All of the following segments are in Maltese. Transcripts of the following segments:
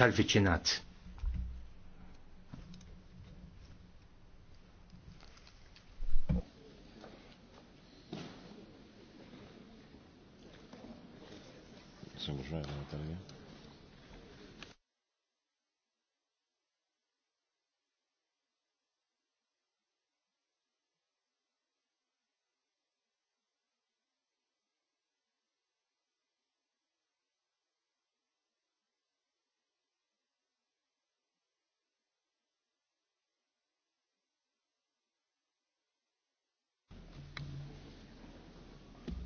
tal-viċinat. Sembra ġrajna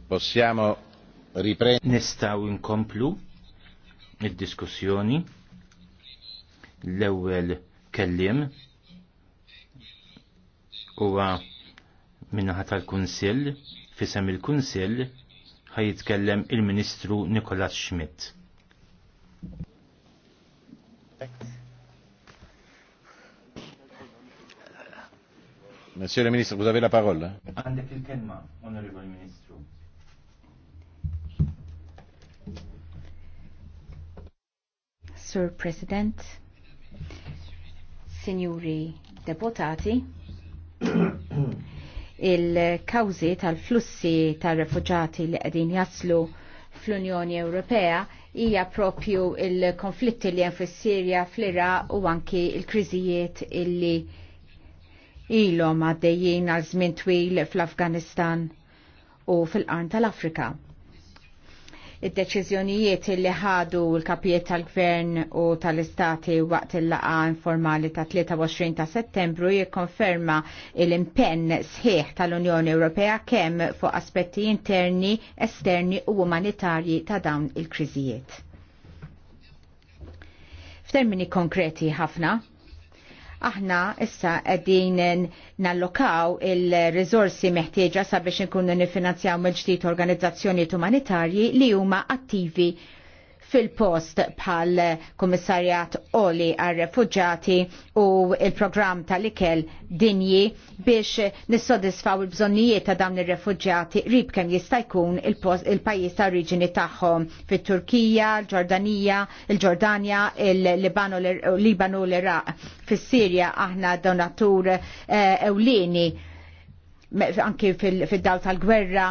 Possiamo riprendere. Nistaw inkomplu id-diskussjoni. L-ewwel kellim huwa minnaħa tal-Kunsill fisem il-Kunsill ħajitkellem il-Ministru Nikolas Schmidt. Monsieur le ministre, vous avez la parole. Għandek il-kelma, onorevoli ministru. Sur President, Signori Deputati, il-kawzi tal-flussi tal-refugġati li qegħdin jaslu fl-Unjoni Ewropea hija propju il-konflitti li hemm fis-Sirja, fl-Iraq u anki l-kriżijiet illi ilhom għaddejjin għal żmien twil fl-Afganistan u fil-qarn tal-Afrika id-deċiżjonijiet li ħadu l-kapijiet tal-gvern u tal-istati waqt il-laqa informali ta' 23 ta' settembru jikkonferma l-impenn sħiħ tal-Unjoni Ewropea kemm fuq aspetti interni, esterni u umanitarji ta' dawn il-kriżijiet. F'termini konkreti ħafna, aħna issa qegħdin nallokaw il rizorsi meħtieġa sabiex inkunu nifinanzjaw mill-ġdid organizzazzjoni umanitarji li huma attivi fil-post bħal kummissarjat Oli għal refugġati u il-programm tal-ikel dinji biex nissodisfaw il-bżonnijiet ta' dawn il-refugġati rib kem jista' jkun il-pajjiż ta' riġini tagħhom fit-Turkija, l-Ġordanija, il-Ġordanja, il-Libanu l-Iraq. Fis-Sirja aħna donatur eh, ewlieni anki fil-daw tal-gwerra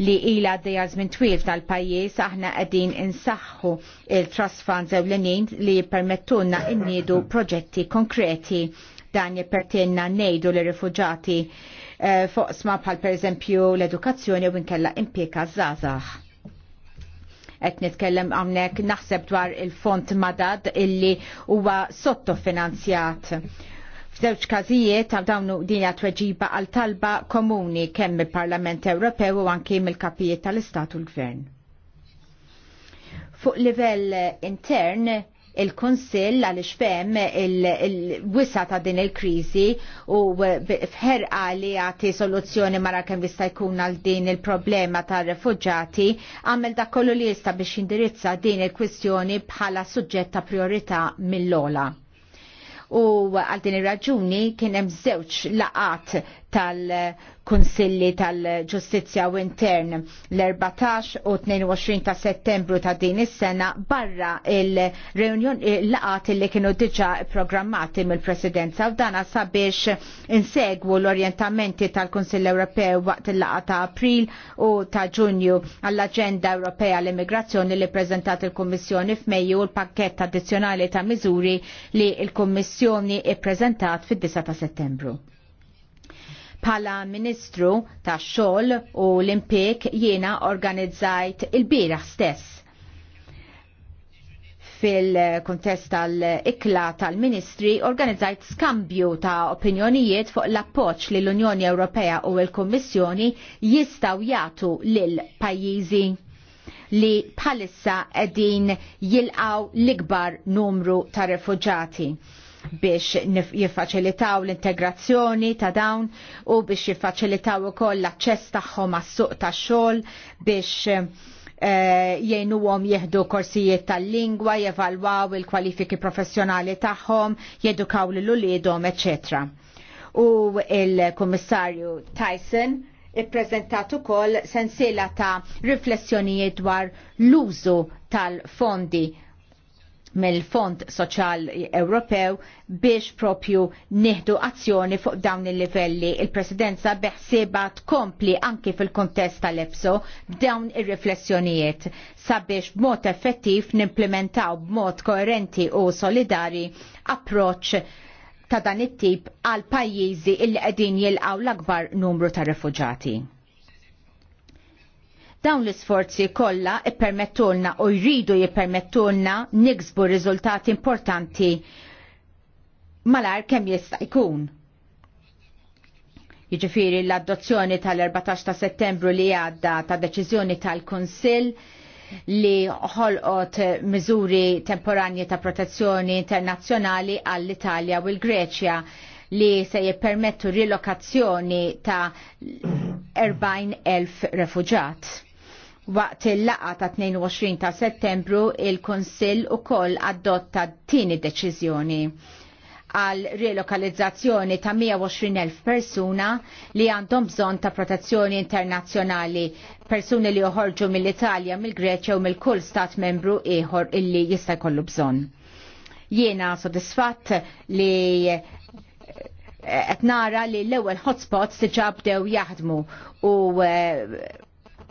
li ila għaddejja żmien twil tal-pajjiż aħna qegħdin insaħħu il-trust funds ewlenin li jippermettulna nniedu proġetti konkreti dan jippertinna ngħidu li rifuġati eh, fuq sma bħal pereżempju l-edukazzjoni u nkella impjeka żgħażagħ. Qed nitkellem hawnhekk naħseb dwar il-font madad illi huwa sottofinanzjat F'żewġ każijiet ta' din dinja tweġiba għal talba komuni kemm il-Parlament Ewropew u anki mill-kapijiet tal-Istat u l-Gvern. Fuq livell intern, il kunsill għal ixfem il-wissa ta' din il-krizi u fħerqa li għati soluzzjoni mara kem jista' jkun għal din il-problema ta' refugġati għamel da' kollu li jista' biex jindirizza din il-kwistjoni bħala suġġett ta' priorità mill-ola u għal din ir-raġuni kien hemm żewġ laqat tal-Kunsilli tal-Ġustizzja u Intern l-14 u 22 ta' settembru ta' din is-sena barra il-reunjon laqat li kienu diġa programmati mill-Presidenza u dana sabiex insegwu l-orientamenti tal-Kunsill Ewropew waqt il laqat ta' April u ta' Ġunju għall-Aġenda Ewropea l-Immigrazzjoni li prezentat il-Kommissjoni f'Mejju u l-pakket addizzjonali ta' miżuri li l-Kommissjoni ippreżentat fid-9 ta' Settembru. Pala Ministru ta' xogħol u l-impik jiena organizzajt il-bieraħ stess fil-kontest tal-ikla tal-ministri organizzajt skambju ta' opinjonijiet fuq l-appoċ li l-Unjoni Ewropea u l-Kommissjoni jistaw jatu lil pajjiżi li bħalissa edin jilqaw l-ikbar numru ta' refugġati biex jiffaċilitaw l-integrazzjoni ta' dawn u biex jiffaċilitaw ukoll l-aċċess tagħhom għas-suq tax-xogħol biex eh, jgħinuhom jieħdu korsijiet tal-lingwa, jevalwaw il-kwalifiki professjonali tagħhom, jedukaw lil uliedhom, etc. U il-Kummissarju Tyson ippreżentat ukoll sensiela ta' riflessjonijiet dwar l-użu tal-fondi mill-Fond Soċjal Ewropew biex propju nieħdu azzjoni fuq dawn il-livelli. Il-Presidenza beħsiba tkompli anki fil-kontest tal-EPSO dawn ir-riflessjonijiet sabiex b'mod effettiv nimplementaw b'mod koerenti u solidari approċ ta' dan it-tip għal pajjiżi il-qegħdin jilqgħu l-akbar numru ta' refuġati. Dawn l-isforzi kollha ippermettulna u jridu jippermettulna niksbu riżultati importanti malar kemm jista' jkun. Jiġifieri l-adozzjoni tal-14 ta' Settembru li għadda ta' deċiżjoni tal-Kunsill li ħolqot miżuri temporanji ta' protezzjoni internazzjonali għall-Italja u l-Greċja li se jippermettu rilokazzjoni ta' 40.000 refuġat. Waqt il-laqa ta' 22 ta' settembru il-Konsil u koll adotta tini deċiżjoni għal relokalizzazzjoni ta' 120.000 persuna li għandhom bżon ta' protezzjoni internazzjonali, persuni li joħorġu mill-Italja, mill-Greċja u mill-kull stat membru ieħor illi jista' jkollu bżon. Jiena sodisfatt li eh, qed nara li l-ewwel hotspots diġà bdew jaħdmu u eh,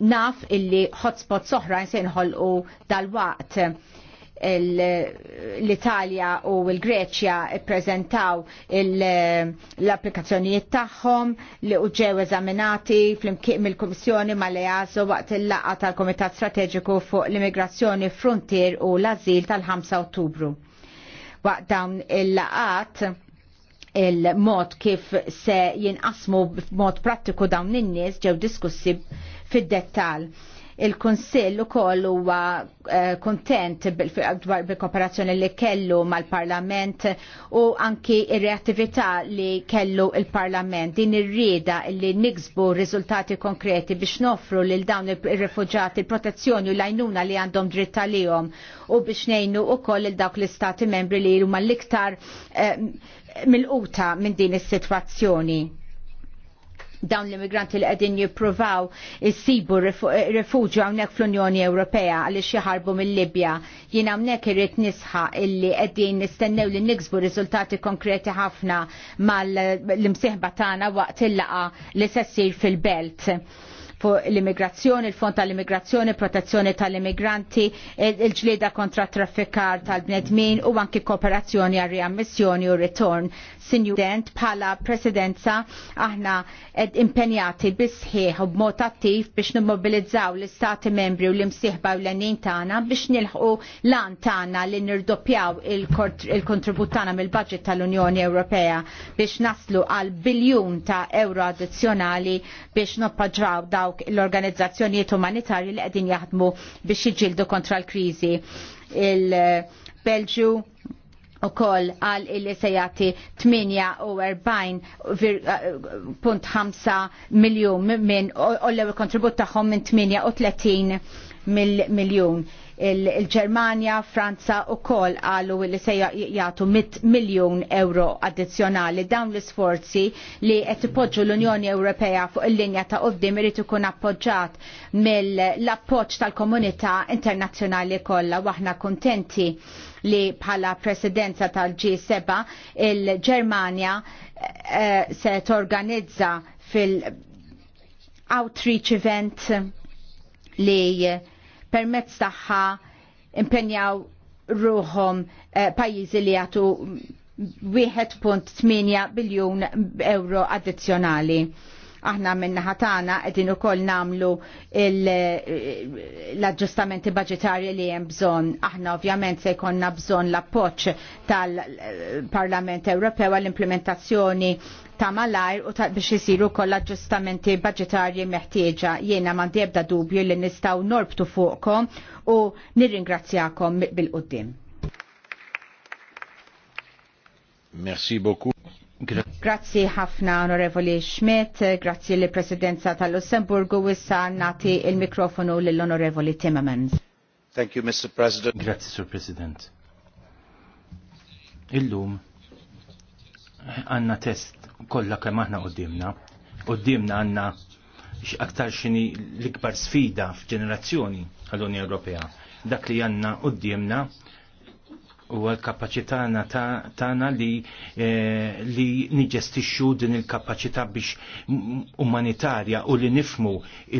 naf illi hotspots oħra u dal-waqt l-Italja u l-Greċja prezentaw l-applikazzjonijiet tagħhom li ġew eżaminati fl-imkien mill-Kummissjoni li easo waqt il-laqgħa tal-Komitat Strateġiku fuq l-Immigrazzjoni Frontier u l-Azil tal-5 Ottubru. Waqt dawn il laqgħat il-mod kif se jinqasmu b'mod prattiku dawn in-nies ġew diskussi fid-dettal Il-Kunsill ukoll huwa eh, kontent dwar bil-kooperazzjoni li kellu mal-Parlament u anki ir-reattività li kellu il-Parlament. Din ir-rieda li niksbu riżultati konkreti biex nofru lil dawn ir-refuġati protezzjoni u l-għajnuna li għandhom dritt għalihom u biex ngħinu ukoll il dawk l-istati membri li huma l-iktar eh, mill-quta minn din is-sitwazzjoni dawn l-immigranti li qegħdin jippruvaw issibu rifuġju hawnhekk fl-Unjoni Ewropea għaliex jaħarbu mill-Libja. Jien hawnhekk irid nisħa illi qegħdin nistennew li niksbu riżultati konkreti ħafna mal-imsieħba tagħna waqt il-laqa li se ssir fil-belt fuq l-immigrazzjoni, il-fond tal-immigrazzjoni, protezzjoni tal-immigranti, il-ġlieda kontra traffikar tal-bnedmin u anki kooperazzjoni għal riammissjoni u ritorn. Sinju Dent, bħala presidenza aħna ed impenjati bisħiħ u b'mod attiv biex nimmobilizzaw l-istati membri u l-imsieħba u l-għanin tagħna biex nilħqu lan tagħna li nirdoppjaw il-kontribut tagħna mill-budget tal-Unjoni Ewropea biex naslu għal biljun ta' euro addizzjonali biex noppaġraw daw dawk l-organizzazzjonijiet umanitarji li qegħdin jaħdmu biex jiġġieldu kontra l-kriżi. Il-Belġu u koll għal illi sejati 48.5 miljon minn u l-ewel kontribut taħħom minn 38 miljon il-Germania, Franza u kol għallu li se jgħatu 100 miljon euro addizjonali dawn l-sforzi li qed ipoġġu l-Unjoni Ewropea fuq il-linja ta' qoddim irid ikun appoġġat mill-appoġġ tal-komunità internazzjonali kollha waħna kontenti li bħala presidenza tal-G7 il-Germania eh, se torganizza fil-outreach event li permezz tagħha impenjaw ruhom eh, pajjiżi li għatu 1.8 biljun euro addizzjonali Aħna minna ħatana qegħdin ukoll namlu l-aġġustamenti budgetarji li hemm bżonn. Aħna ovvjament se jkollna bżonn l-appoġġ tal-Parlament Ewropew għall-implementazzjoni ta' malajr u ta' biex jisiru l aġġustamenti budgetarji meħtieġa. Jiena m'għandi ebda dubju li nistgħu norbtu fuqkom u nirringrazzjakom bil-qudiem. Merci beaucoup. Grazzi ħafna onorevoli Schmidt, grazzi li presidenza tal-Lussemburgu wissa nati il-mikrofonu l-onorevoli Timmermans. Thank you, Mr. President. Grazzi, Sur President. Illum, għanna test kolla kem aħna qoddimna. Qoddimna għanna aktar xini l-ikbar sfida f'ġenerazzjoni għall-Unja Ewropea. Dak li għanna qoddimna u għal-kapacità tagħna li eh, li niġestixxu din il kapacita biex umanitarja u li nifmu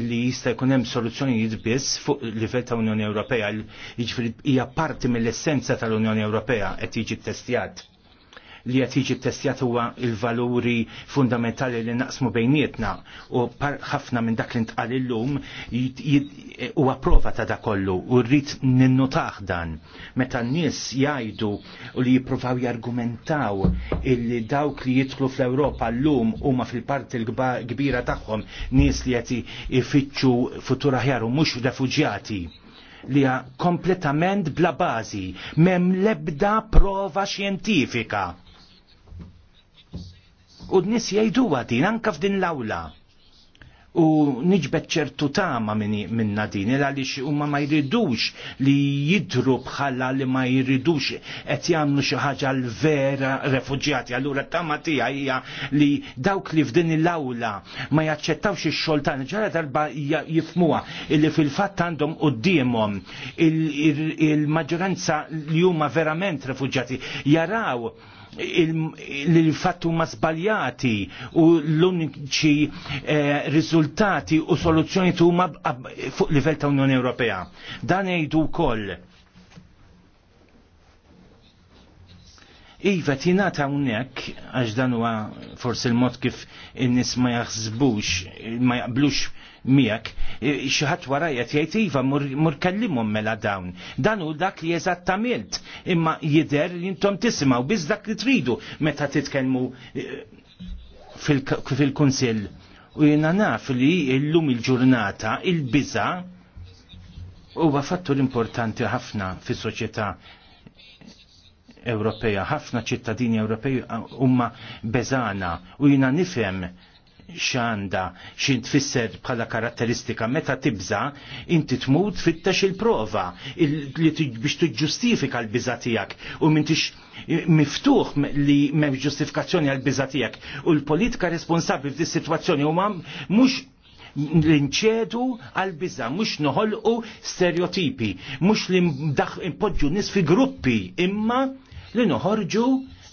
li jista' jkun hemm soluzzjonijiet biss fuq livell ta' Unjoni Ewropea, jiġifieri hija parti mill-essenza tal-Unjoni Ewropea qed jiġi ttestjat li qed jiġi testjat huwa il-valuri fundamentali li naqsmu bejnietna u ħafna minn dak li ntqal illum huwa prova ta' dak kollu u rrid ninnutaħ dan meta n-nies jgħidu u li jippruvaw jargumentaw illi dawk li jidħlu fl-Ewropa llum huma fil-parti l-kbira tagħhom nies li qed ifittxu futur aħjar u mhux refuġjati li kompletament bla bażi, mem lebda prova xjentifika U d-nis jajdu għadin, anka f'din l-awla. U nġbet ċertu tama minna din, għalix u ma ma jridux li jidru bħalla li ma jridux et jamlu xaħġa l-vera refugjati. Allura tama tija hija li dawk li f'din l-awla ma jaċċettawx ix-xoltan, ġara darba jifmuha illi fil-fatt għandhom qudiemhom il-maġġoranza li huma verament refugjati jaraw l fattu ma sbaljati u l-uniċi eh, riżultati u soluzzjoni huma fuq livell ta' Unjoni Ewropea. Dan jgħidu wkoll Iva, ta' unnek, għax dan huwa forsi l-mod kif in nis ma jaħsbux, ma jaqblux miegħek e, xi ħadd warajja jgħid iva mur kellimhom mela dawn. Dan hu dak li eżattament imma jidher li intom tisimgħu biss dak li tridu meta titkellmu e, fil-kunsill. U jiena naf li llum il-ġurnata il-biża huwa fattur importanti ħafna fis-soċjetà Ewropeja, ħafna ċittadini Ewropej huma beżana u jina nifhem xanda xint tfisser bħala karatteristika meta tibza inti tmut fittax il-prova li biex tiġġustifika l-biża tiegħek u m'intix miftuħ li m'hemm ġustifikazzjoni għall-biża tiegħek u l-politika responsabbli f'dis sitwazzjoni huma mhux l-inċedu għal-biza, mux noħolqu stereotipi, mux li mdaħ impodġu nis fi gruppi, imma li noħorġu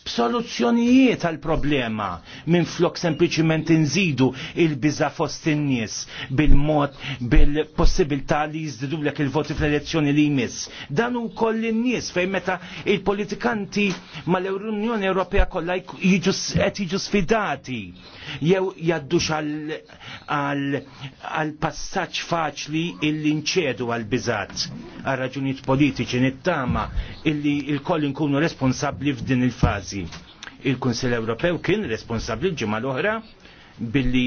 b'soluzzjonijiet għal problema minn flok sempliciment inżidu il-biza fost in-nies bil-mod bil-possibilità li jizdidu l il-voti fl-elezzjoni li jmiss. Dan u koll in-nies fejn meta il-politikanti mal-Unjoni Ewropea kollha qed jiġu sfidati jew jaddux għal passaġġ faċli illi nċedu għal biżat għal raġunijiet politiċi nittama illi il-koll nkunu responsabbli f'din il-fażi. Paesi. Il-Kunsill Ewropew kien responsabbli l-ġimgħa l-oħra billi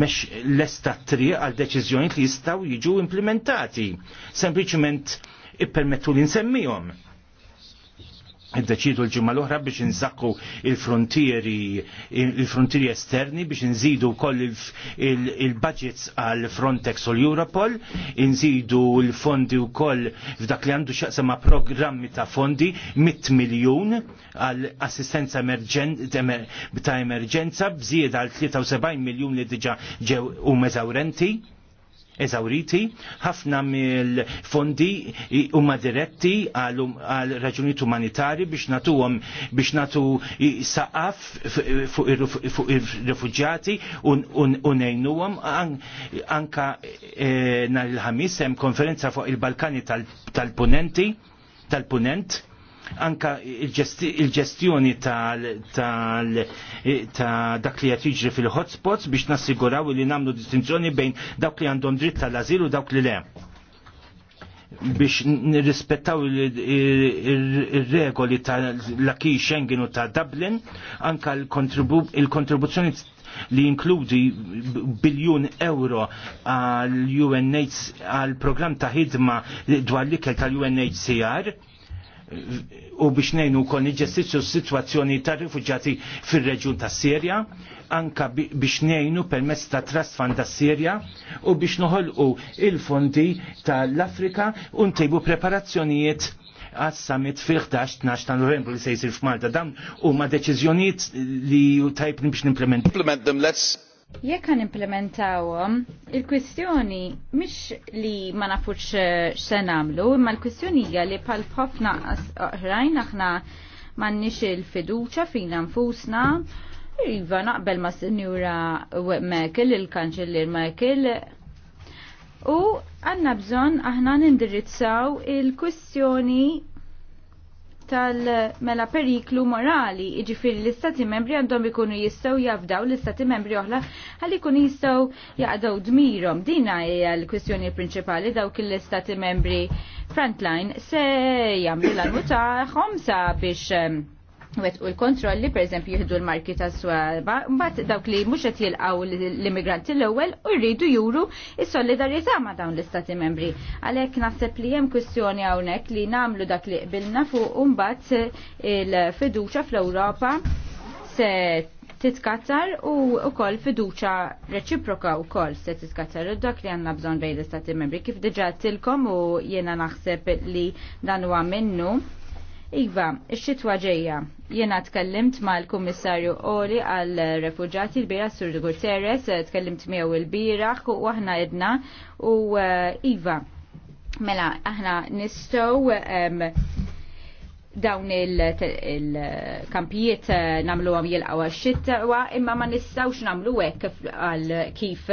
mex l estat triq għal deċiżjoni li jistgħu jiġu implementati. Sempliċement ippermettu li nsemmihom Iddeċidu l-ġimma l-oħra biex nżakku il-frontieri il-frontieri esterni biex nżidu koll il-budgets għal Frontex u l-Europol, nżidu l-fondi u koll f'dak li għandu xaqsama programmi ta' fondi 100 miljon għal assistenza ta' emerġenza bżied għal 73 miljon li diġa ġew u meżawrenti eżawriti, ħafna mill-fondi huma diretti um- għal raġunijiet umanitari biex natuhom biex natu saqaf fuq ir-refuġjati u ngħinuhom anka e, nhar il-ħamis hemm konferenza fuq il-Balkani tal-Punenti tal-Punent anka il-ġestjoni ta' dak li qed jiġri fil-hotspots biex nassiguraw li nagħmlu distinzjoni bejn dawk li għandhom dritt tal-azil u dawk li le biex nirrispettaw il-regoli l-Aki Schengen u ta' Dublin anka il-kontribuzzjoni li inkludi biljun euro għal UNH għal program ta' hidma dwar l-ikel tal-UNHCR u biex nejnu kol niġessizzu situazzjoni ta' rifugġati fil-reġun ta' Sirja, anka biex nejnu permess ta' Trust Fund ta' Sirja u biex noħolqu il-fondi tal-Afrika u ntejbu preparazzjonijiet għas summit fil-11-12 ta' novembru li se jisir f'Malta. Dan huma deċiżjonijiet li tajb biex nimplement. Implement them, let's Jekk għan implementawhom, il-kwistjoni mhix li ma nafux eh, xe nagħmlu, imma l-kwistjoni hija li bħal ħafna oħrajn aħna m'għandniex il-fiduċja fina nfusna. Iva naqbel ma' Sinjura Merkel, il-Kanċellier Merkel, U għanna bżon aħna nindirizzaw il-kwistjoni tal-mela periklu morali, iġifiri l-istati membri għandhom ikunu jistaw jafdaw l-istati membri oħla għalli ikunu jistaw jaqdaw dmirom. Dina hija l-kwistjoni principali dawk l-istati membri frontline se jamlu l-almu taħħom biex wet u l-kontrolli, per eżempju, jihdu l-marki ta' swaba, mbatt dawk li muxet qed jilqaw l-immigranti l-ewwel u rridu juru il solidarjetà ma' dawn l-istati membri. Għalhekk naħseb li hemm kwestjoni hawnhekk li nagħmlu dak li qbilna fuq u mbagħad il-fiduċa fl-Ewropa se titkattar u koll fiduċa reċiproka wkoll se titkattar u dak li għandna bżonn bejn l-istati membri kif diġà tilkom u jiena naħseb li dan huwa minnu Iva, xitwa ġejja. Jena tkellimt mal-Kummissarju Oli għal refugġati l-bira Sur Guterres, tkellimt miegħu il-biraħ u aħna edna u eh, Iva. Mela, aħna nistgħu dawn il-kampijiet eh, namlu għam jilqaw għax-xitwa, imma ma nistgħux namlu hekk għal kif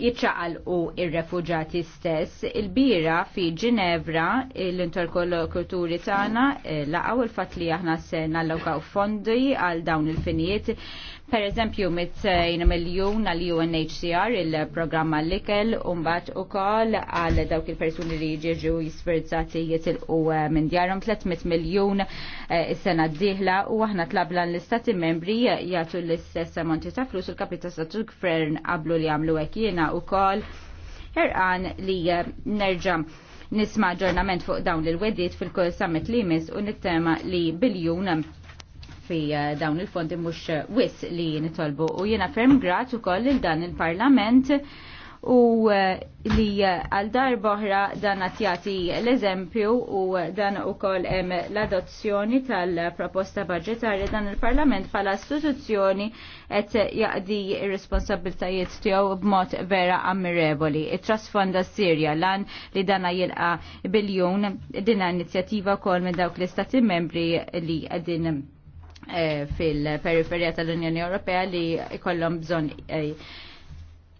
jitxaqal u ir refugġati stess. Il-bira fi Ginevra, l-interkolokuturi tagħna eh, laqgħu il-fatt li aħna se nallokaw fondi għal dawn il-finijiet Per eżempju, mit miljun għal UNHCR il-programma l-ikel umbat u kol għal dawk il-persuni li ġeġu jisfirzati jitilqu eh, minn djarom 300 miljon eh, is-sena d-dihla u aħna tlabla l-istati membri jgħatu l-istess monti ta' flus il-kapita statu gvern qablu li għamlu għekjina u kol herqan li eh, nerġa' nisma ġornament fuq dawn il weddit fil-kol summit li mis u nittema li biljun fi eh, dawn il-fondi mhux eh, wis li nitolbu u jiena ferm grat ukoll il dan il-Parlament u eh, li għal darboħra dan għatjati l-eżempju u dan u koll l-adozzjoni tal-proposta budgetarja dan il-parlament pala istituzzjoni et jaqdi responsabiltajiet tiegħu b'mod vera ammirevoli. It-Trust Fonda Sirja lan li dana jilqa biljun din inizjattiva kol minn dawk l-istati membri li għedin Eh, fil-periferija tal-Unjoni Ewropea li jkollhom bżonn eh,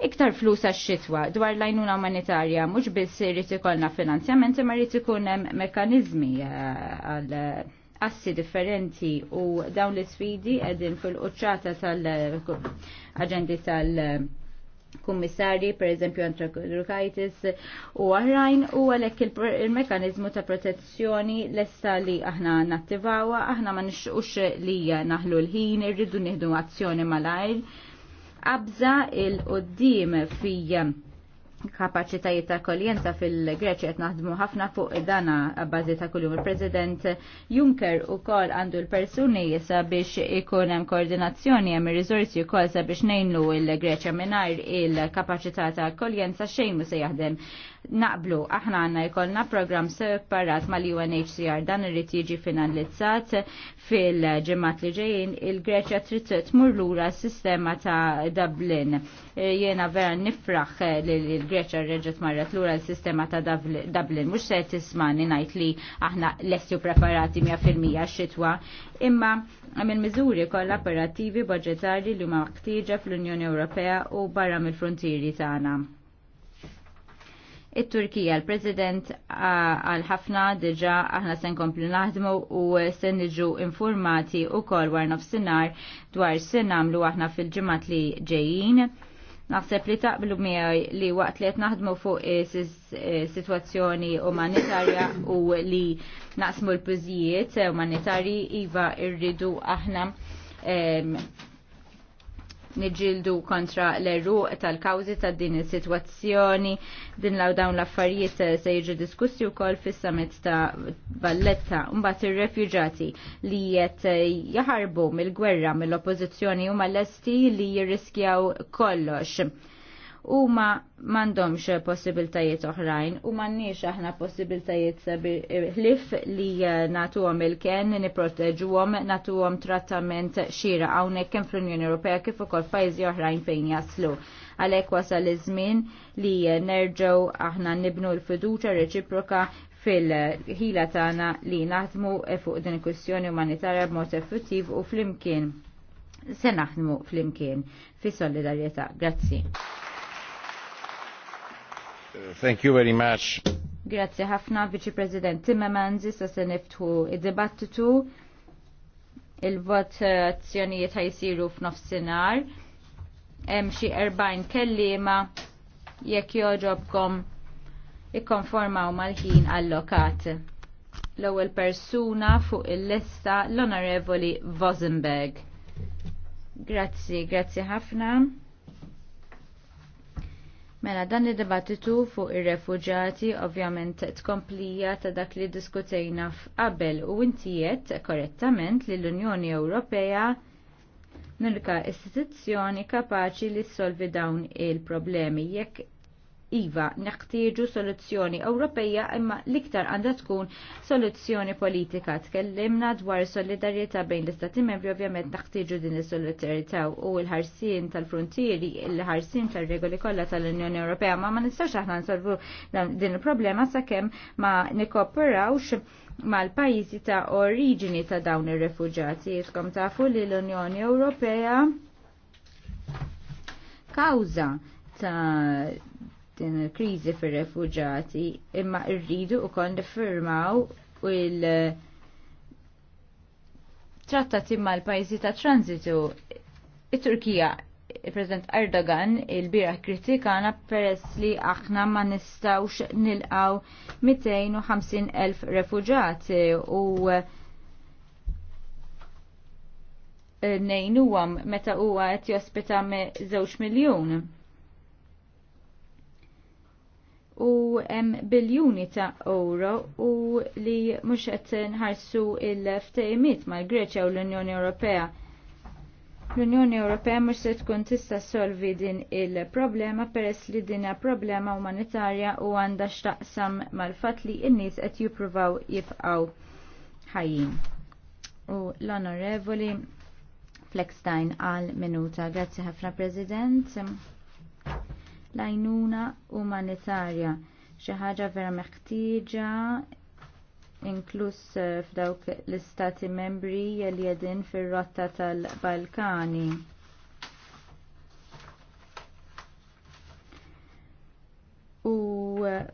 iktar flus għax xitwa dwar l l-għajnuna umanitarja mhux biss irid ikollna finanzjament imma jrid ikun hemm mekkaniżmi eh, għal assi differenti u dawn l-isfidi qegħdin fil-quċċata tal-aġendi tal-, -aġendi tal kummissarji, per eżempju antrakulukajtis u oħrajn u għalek il-mekanizmu ta' protezzjoni l-essa li aħna nattivawa, aħna ma nixqux li naħlu l-ħin, irridu nieħdu azzjoni malajr. Abza il-qoddim fija kapacitajiet ta' koljenza fil-Greċja qed naħdmu ħafna fuq dana bażi ta' kuljum. Il-President Juncker ukoll għandu l-persuni sabiex ikun hemm koordinazzjoni hemm ir-riżorsi wkoll sabiex ngħinlu l-Greċja mingħajr il-kapaċità ta' koljenza xejn mu se jaħdem naqblu aħna għanna jkollna program separat mal-UNHCR dan irrid jiġi finalizzat fil-ġemat li ġejjin il-Greċja trid tmur lura s-sistema ta' Dublin. E, jiena vera nifraħ li l-Greċja rreġet marret lura s-sistema ta' Dublin. Mhux se tismani ngħid li aħna l-estju preparati 100% xitwa, imma minn miżuri kolla operativi budgetari li huma ħtieġa fl-Unjoni Ewropea u barra mill-frontieri tagħna it-Turkija. L-President għal ħafna diġa aħna sen komplu naħdmu u sen niġu informati u kol war nofsinar dwar sen namlu aħna fil-ġimat li ġejjin. Naħseb li taqblu miegħi li waqt li qed naħdmu fuq sitwazzjoni umanitarja u li naqsmu l pużijiet umanitarji iva rridu aħna niġildu kontra l erru tal-kawzi ta' din is-sitwazzjoni. Din law dawn l-affarijiet se jiġu diskussi wkoll fis-summit ta' Valletta mbagħad ir-refuġati li qed jaħarbu mill-gwerra mill-oppożizzjoni huma lesti li jirriskjaw kollox u ma mandomx possibiltajiet oħrajn u nix aħna possibiltajiet hlif li eh, natu għom il-ken, niproteġu għom, natu għom trattament xira għawnek kem fl-Unjoni Ewropea kif ukoll pajzi oħrajn fejn jaslu. Għalek wasal iż-żmien li eh, nerġaw aħna nibnu l-fiduċa reċiproka fil-ħila tagħna li naħdmu eh, fuq din il-kwistjoni umanitarja b'mod effettiv u flimkien se naħdmu flimkien fi solidarjetà. Grazzi. Thank you very much. Grazie ħafna, Viċi President Timmermans, issa se niftħu id-dibattitu. Il-votazzjonijiet ħajsiru f'nofsinhar. Hemm xi 40 kelliema jekk joġobkom ikkonformaw mal-ħin allokat. L-ewwel persuna fuq il-lista l-Onorevoli Vosenberg. Grazzi, grazzi ħafna. Mela dan id-dibattitu fuq ir-refuġati ovvjament tkomplija ta' dak li diskutejna f'qabel u intijiet korrettament li l-Unjoni Ewropea nilka istituzzjoni kapaċi li solvi dawn il-problemi jekk Iva, neħtieġu soluzzjoni Ewropeja imma liktar għandha tkun soluzzjoni politika. Tkellimna dwar solidarjetà bejn l-Istati membri ovvjament neħtieġu din is-solidarjetà u l-ħarsien tal-frontieri, l-ħarsien tal-regoli kollha tal-Unjoni Ewropea, ma ma nistax aħna nsolvu din il-problema sakemm ma ma mal-pajjiżi ta' oriġini ta' dawn ir refuġjati Jitkom tafu li l-Unjoni Ewropea kawza ta' din il-krizi fir refuġati imma rridu u kon firmaw il trattati mal l-pajzi ta' transitu. Il-Turkija, il-President Erdogan, il-bira kritikana peress li aħna ma nistawx nilqaw 250.000 refuġati u eh, nejnu meta huwa qed jospita me 2 miljon u hemm biljuni ta' euro u li mhux qed nħarsu il-ftehimiet mal-Greċja u l-Unjoni Ewropea. L-Unjoni Ewropea mhux se tkun tista' solvi din il-problema peress li din problema umanitarja u għandha x'taqsam mal-fatt li n-nies qed jippruvaw jibqgħu ħajjin. U l-Onorevoli Flexstein għal minuta. Grazzi ħafna President l-għajnuna umanitarja. Xi ħaġa vera meħtieġa inkluż eh, f'dawk l-istati membri li jedin fir-rotta tal-Balkani. U eh,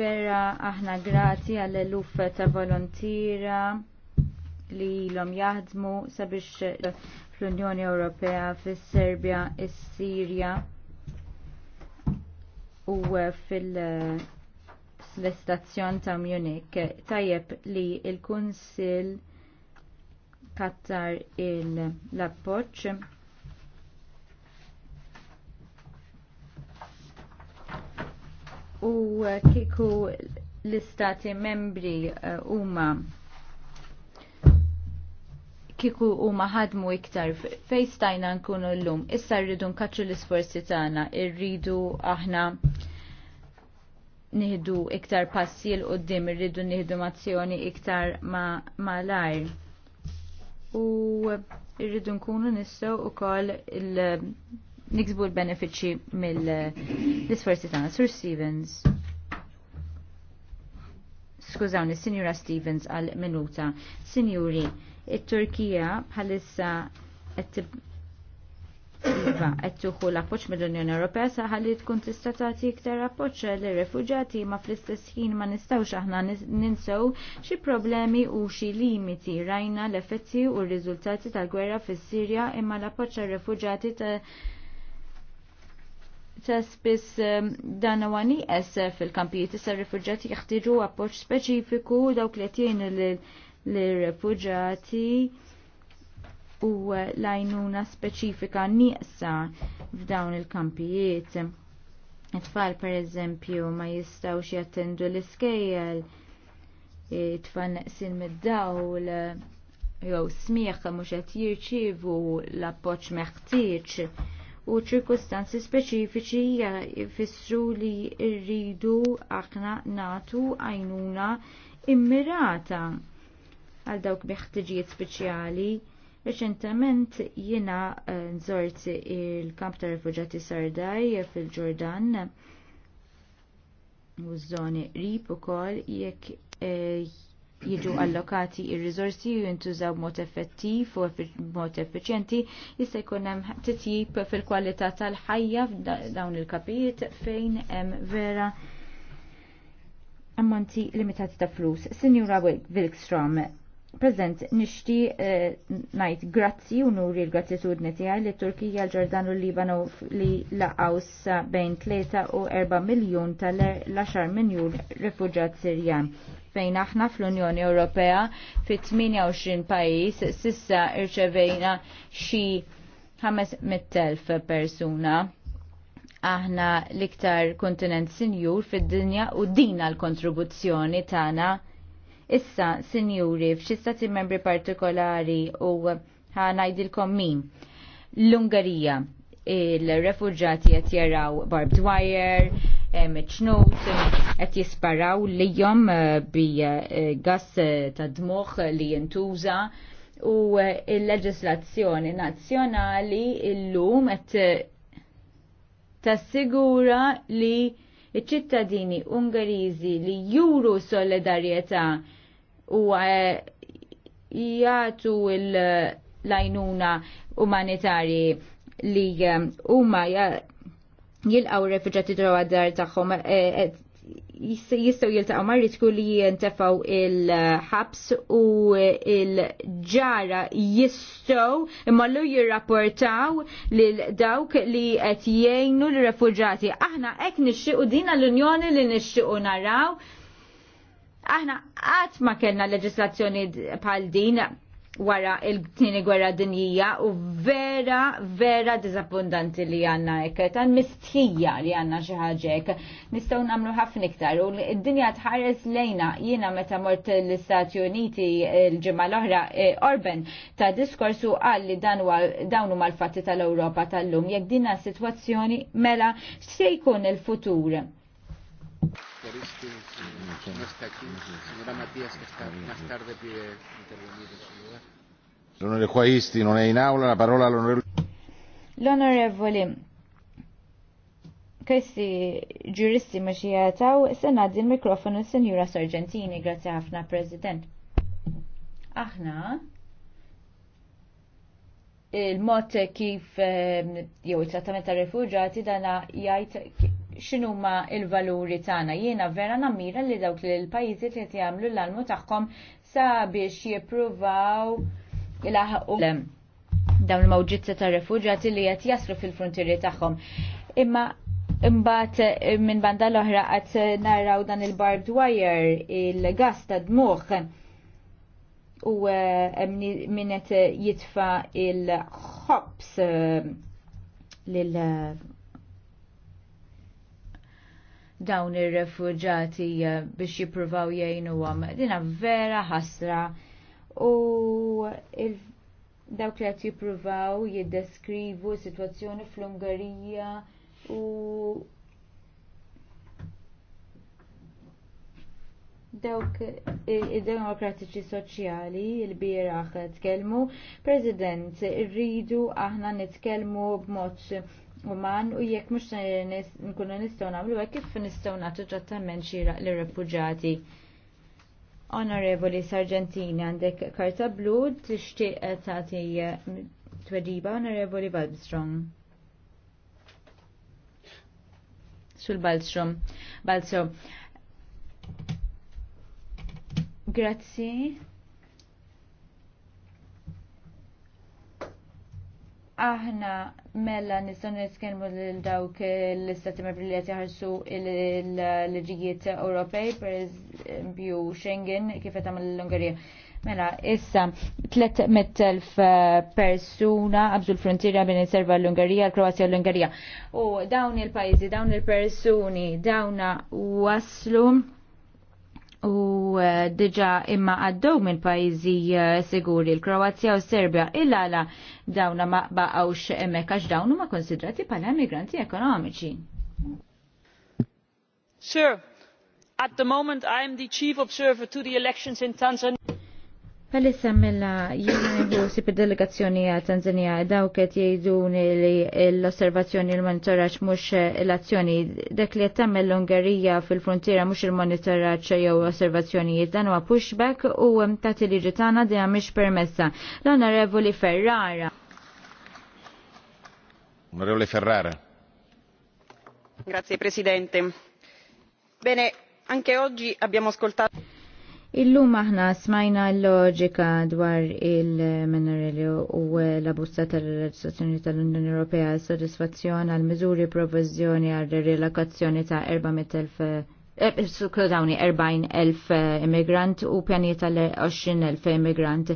vera aħna grati għall eluf ta' volontira li ilhom jaħdmu sabiex eh, fl unjoni Ewropea fis-Serbja is-Sirja. is is sirja u fil-istazzjon ta' Munich tajjeb li il-Kunsil kattar il-appoċ u kiku l-istati membri uh, huma kiku huma ħadmu iktar fejn stajna nkunu llum. Issa rridu nkaċċu l-isforzi tagħna, irridu aħna nieħdu iktar passi l qoddim irridu nihdu mazzjoni iktar ma, ma lajr. U rridu nkunu u kol il- niksbu l-benefiċi mill-isforzi tagħna. Sir Stevens. Skużawni, Sinjura Stevens għal minuta. Signori, it-Turkija bħalissa qed Iva, qed tuħu l-appoġġ mill-Unjoni Ewropea li tkun tista' tagħti iktar appoġġ lir-refuġjati ma fl-istess ħin ma nistgħux aħna ninsew xi problemi u xi limiti rajna l-effetti u r-riżultati tal-gwerra fis-Sirja imma l-appoġġ għar-refuġjati ta' ta' spiss um, dan huwa nieqes fil-kampijiet issa rifuġati jaħtiġu appoġġ speċifiku dawk li jgħinu lir-refuġjati u lajnuna speċifika nieqsa f'dawn il-kampijiet. tfal per eżempju ma jistawx jattendu l-iskejjel, tfal neqsin mid-dawl, jew smieħ mhux qed jirċievu l-appoġġ meħtieġ u ċirkustanzi speċifiċi jfissru li rridu aħna natu għajnuna immirata għal dawk biħtiġijiet speċjali Reċentament jiena eh, nżort il-kamp ta' rifuġati Sardaj fil-Ġordan u rip u ukoll jekk eh, jiġu allokati il rizorsi u jintużaw b'mod effettiv u mod effiċjenti jista' jkun hemm titjib fil-kwalità tal-ħajja f'dawn il-kapijiet fejn hemm vera ammonti limitati ta' flus. Sinjura Wilkstrom, Prezent, nishti eh, najt grazzi u nuri l gratitudni tijaj li Turkija, l-ġordan u l-Libano li laqaw sa bejn 3 u 4 miljon tal-10 miljon rifugġat Sirjan. Fejn aħna fl-Unjoni Ewropea fit 28 pajis sissa irċevejna xi 500.000 persuna aħna l-iktar kontinent sinjur fid-dinja u dina l-kontribuzzjoni tagħna Issa, sinjuri, f'xi stati membri partikolari u ħanajdilkom min. L-Ungarija, il-refugġati qed jaraw barbed wire, ċnut, qed jisparaw jom eh, bi eh, gas eh, ta' dmoħ li jintuża u l-leġislazzjoni nazzjonali il-lum qed tassigura li ċ-ċittadini ungarizi li juru solidarjetà u eh, jgħatu l-lajnuna umanitari li eh, huma jilqaw refuġati draw għad-dar tagħhom eh, jistaw jiltaqaw marritku li jintefaw il-ħabs u il-ġara jistaw imma jirrapportaw lil dawk li qed jgħinu l-refuġati. Aħna hekk nixtiequ dina l-Unjoni li nixtiequ naraw Aħna qatt ma kellna leġislazzjoni bħal din wara il-tini gwerra dinjija u vera, vera dizabundanti li għanna ek, tan mistħija li għanna xaħġek. Nistaw namlu ħafna iktar u d dinja tħares lejna jiena meta mort l-Istati Uniti l ġemma l-oħra e, Orben ta' diskorsu għalli li dawnu mal-fatti tal-Europa tal-lum. Jek dinna situazzjoni mela xsejkun il-futur L'onorevole Quaisti non è in aula, la parola all'onorevole. L'onorevole Questi giuristi ma xi se senad il microfono, signora Sargentini, a ħafna President. Aħna il-mod kif eh, jew it-trattament tar-refuġati dana jgħid x'inhuma il-valuri tagħna. Jiena vera nammira li dawk li l-pajjiżi li jagħmlu l-almu tagħhom sabiex jippruvaw ilaħqu dawn il mawġitza ta' refuġjati li qed jasru fil-frontieri tagħhom. Imma imbagħad eh, minn banda l-oħra qed naraw dan il-barbed wire, il-gas ta' dmuħ u eh, minnet jitfa il-ħobs eh, lil dawn ir-refuġati eh, biex jippruvaw jgħinu għam. Dina vera ħasra u dawk li qed jippruvaw jiddeskrivu s-sitwazzjoni fl-Ungarija u dawk id-demokratiċi soċjali il t tkellmu, President, irridu aħna nitkellmu b'mod uman u jekk mhux nkunu nistgħu nagħmlu hekk kif nistgħu natu trattament xira l refuġati Onorevoli Sargentini għandek karta blu tixtieq eh, tagħti eh, twediba Onorevoli Balbstrom. Sul Balstrom. Balbstrom. Grazzi. aħna mela nistgħu nitkellmu lil dawk l-istati membri li qed jaħarsu l-liġijiet Ewropej, pereżempju Schengen kif qed tagħmel l-Ungerija. Mela, issa 300.000 eh, persuna għabżu l-frontiera bejn serva l-Ungerija, l-Kroazja u l-Ungerija. U dawn il-pajjiżi, dawn il-persuni, dawna waslu u eh, diġa imma għaddew minn pajizi eh, siguri l-Kroazja u Serbia illa la dawna ma baqawx emmek għax dawnu ma konsidrati pala migranti ekonomiċi. Sir, at the moment I am the chief observer to the elections in Tanzania. Palissa mela jina nħusi per delegazzjoni għal Tanzania daw ket jgħiduni li l-osservazzjoni l-monitoraċ mux l-azzjoni dak li jgħtam l-Ungarija fil-frontiera mux il-monitoraċ jew osservazzjoni dan huwa pushback u tati li ġitana di mhix permessa. L-Onorevoli Ferrara. Onorevoli Ferrara. Grazie Presidente. Bene, anche oggi abbiamo ascoltato Illum aħna smajna l-loġika dwar il-minorelli u l-abusta tal-relazzjoni tal-Unjoni Ewropea s-sodisfazzjon għal miżuri provizjoni għal relokazzjoni ta' 400.000 Eh, dawni 40.000 eh, immigrant u pjanieta tal-20.000 immigrant.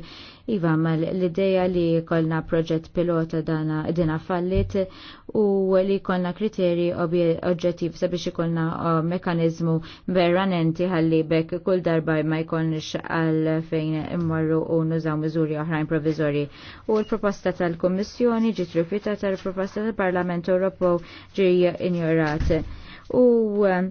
Iva, l-ideja li kolna proġett pilota dana dina fallit u li kolna kriteri oġġettiv sabiex ikolna mekanizmu verranenti ħalli bekk kull darba ma jkollniex għal fejn immorru u nużaw miżuri oħrajn provizori. U l-proposta tal-Kommissjoni ġiet rifjutata l-proposta tal-Parlament Ewropew ġi injorat. U eh,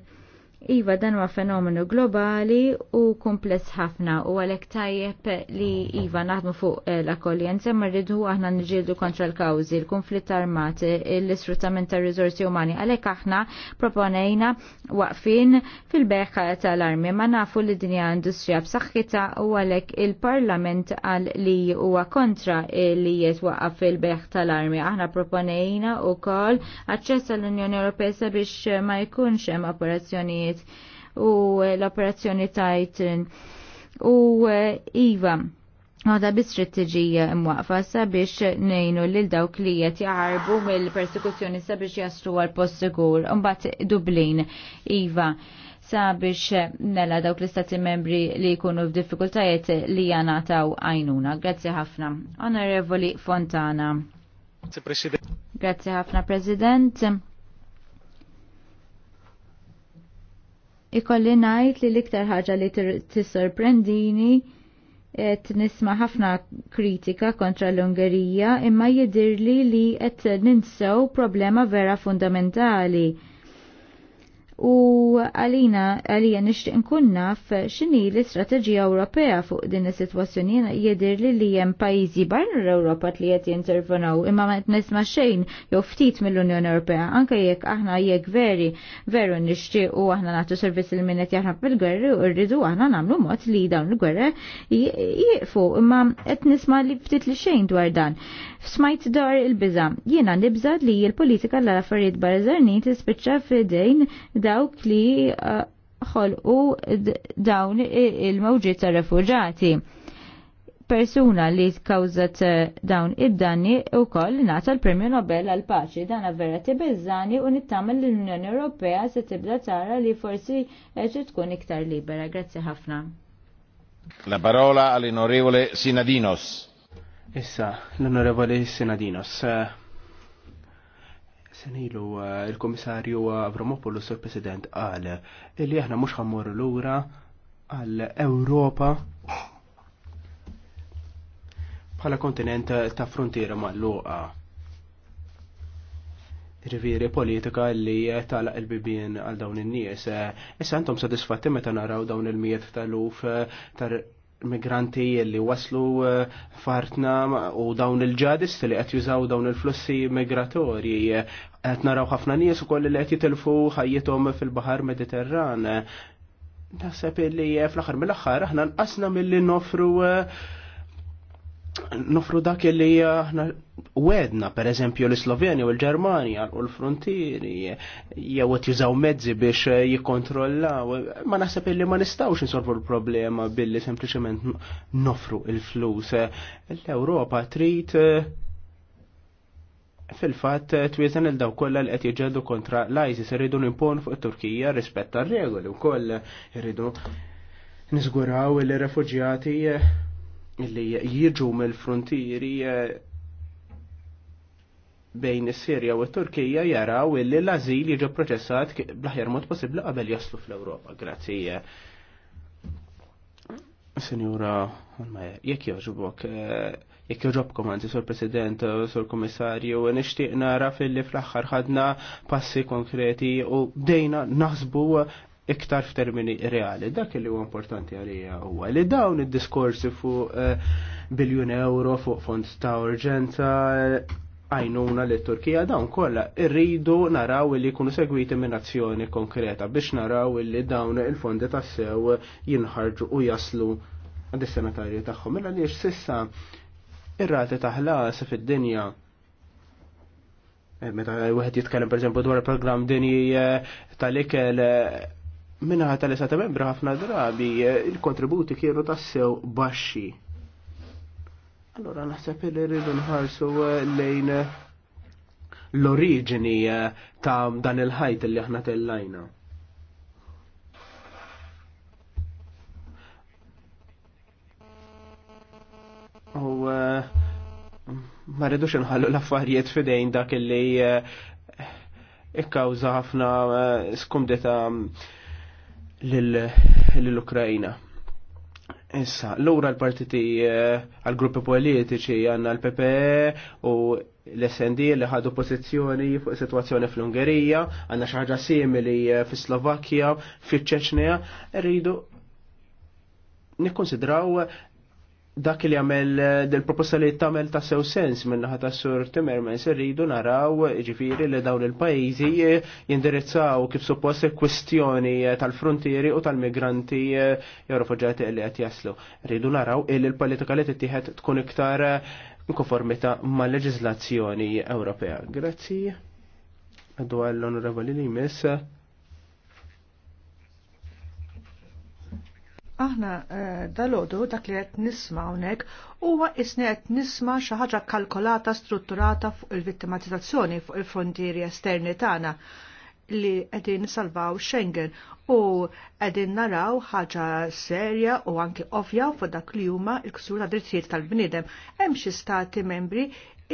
Iva dan huwa fenomenu globali u kumpless ħafna u għalhekk tajjeb li iva naħdmu fuq eh, l-akkoljenza ma rridu aħna niġildu kontra l-kawżi, l-konflitt armat, l-isfruttament ta' riżorsi umani. Għalhekk aħna proponejna waqfin fil beħħa tal-armi ma nafu li dinja industrija b'saħħitha u għalhekk il-Parlament għal li huwa kontra li jitwaqqaf fil-beħ tal-armi. Aħna proponejna wkoll aċċess għall unjoni Ewropea sabiex ma jkunx hemm operazzjonijiet u l-operazzjoni Titan u eh, Iva. Għada biss strategija mwaqfa sabiex nejnu lil dawk li qed jaħarbu mill-persekuzzjoni sabiex jaslu għal post sigur. Mbagħad Dublin, Iva, sabiex nela dawk l-istati membri li jkunu f'diffikultajiet li taw għajnuna. Grazzi ħafna. Onorevoli Fontana. Grazie ħafna President. ikolli ngħid li l-iktar ħaġa li tissorprendini qed nisma' ħafna kritika kontra l-Ungerija imma jidirli li qed ninsew problema vera fundamentali u għalina għalija nixtieq nkun naf x'inhi l-istrateġija Ewropea fuq din is-sitwazzjoni jidher li li hemm pajjiżi barra l-Ewropa li qed jintervenaw imma ma nisma' xejn jew ftit mill-Unjoni Ewropea anke jekk aħna jekk veri veru nixtieq u aħna nagħtu servizz il min qed jaħrab bil-gwerri u rridu aħna nagħmlu mod li dawn il-gwerra jieqfu imma qed nisma' li ftit li xejn dwar dan. F'smajt dar il-biza. Jiena nibżad li l-politika l-affarijiet barżarni tispiċċa fidejn dawk li uh, ħolqu dawn il-mewġiet ta' refuġati. Persuna li tkawżat uh, dawn id-danni u koll nata l-Premju Nobel għal paċi dan vera tibizzani u nittamel l-Unjoni Ewropea se tibda tara li forsi tkun iktar libera. Grazzi ħafna. La parola all'onorevole Sinadinos. Issa, l-Onorevoli Senadinos. Eh, senilu, eh, il-Komissarju eh, Avramopoulos, il-President, għal li aħna mux ħammur l-ura għal Europa bħala kontinent ta' frontiera l-uqa. Riviri politika li tala il-bibien għal dawn in-nies. Issa antom sadisfatti meta naraw dawn il-miet tal uf tar migranti li waslu eh, fartna u dawn il-ġadis li qed jużaw dawn il-flussi migratorji. Qed naraw ħafna nies ukoll li qed jitilfu ħajjithom fil-Baħar Mediterran. Naħseb li eh, fl-aħħar mill-aħħar aħna nqasna milli nofru eh, nofru dak li aħna wedna, per eżempju, l-Slovenja u l germania u l-frontieri, jew qed jużaw mezzi biex jikkontrollaw, ma naħseb li ma nistawx insolvu l-problema billi sempliċement nofru il-flus. L-Ewropa trid fil-fatt twiżen il daw kollha li qed jiġġeldu kontra l-ISIS irridu nimpon fuq it-Turkija rispett tar-regoli wkoll irridu niżguraw il-refuġjati li jiġu mill-frontieri eh, bejn is-Sirja u t-Turkija jaraw li l-azil jiġu proċessat bl-aħjar mod possibbli qabel jaslu fl-Ewropa. Grazzi. Eh. Senjura, jekk joġbok, eh, jekk joġobkom għanzi sur President, sur Komissarju, nishtiq nara fil-li fl-axħar ħadna passi konkreti u bdejna naħsbu iktar f'termini reali. Dak li huwa importanti għalija huwa li dawn id-diskorsi fuq eh, biljun euro fuq fond ta' urġenza għajnuna li Turkija dawn kollha irridu naraw li jkunu segwiti minn azzjoni konkreta biex naraw li dawn il-fondi tas-sew jinħarġu u jaslu għad-destinatarju tagħhom. Mela li sissa ir-rati taħlas fid-dinja eh, meta wieħed jitkellem pereżempju dwar il-programm dinji eh, tal-ikel minna tal-istat membra ħafna drabi il-kontributi kienu tassew baxxi. Allora naħseb li rridu nħarsu eh, lejn eh, l-oriġini eh, ta' dan il-ħajt li aħna tellajna. U ma rridux nħallu l-affarijiet fidejn dak li ikkawza ħafna skumdeta ta' l-Ukrajina. Issa, l-ura l-partiti eh, għal-gruppi politiċi għanna l-PPE u l-SND li ħadu pozizjoni fuq situazzjoni fl-Ungerija, għanna xaħġa simili eh, fi Slovakkja, fi ċeċnija, rridu nikkonsidraw dak li għamel eh, del proposta li tamel ta' sew sens minnaħa ta' sur Timmermans rridu naraw ġifiri li dawn il-pajizi eh, jindirizzaw kif suppost kwestjoni eh, tal-frontieri u tal-migranti jew li għat jaslu. Rridu naraw il il-politika li tittieħed tkun iktar konformita ma' leġiżlazzjoni Ewropea. Grazzi. Għaddu għall-onorevoli li jmiss. Aħna eh, dalodu dak li qed nisma' hawnhekk huwa isni qed nisma' xi ħaġa kalkolata strutturata fuq il vittimatizzazzjoni fuq il-frontieri esterni tagħna li qegħdin salvaw Schengen u qegħdin naraw ħaġa serja u anki ovja fuq dak li huma l-ksur ta' drittijiet tal-bniedem. Hemm xi stati membri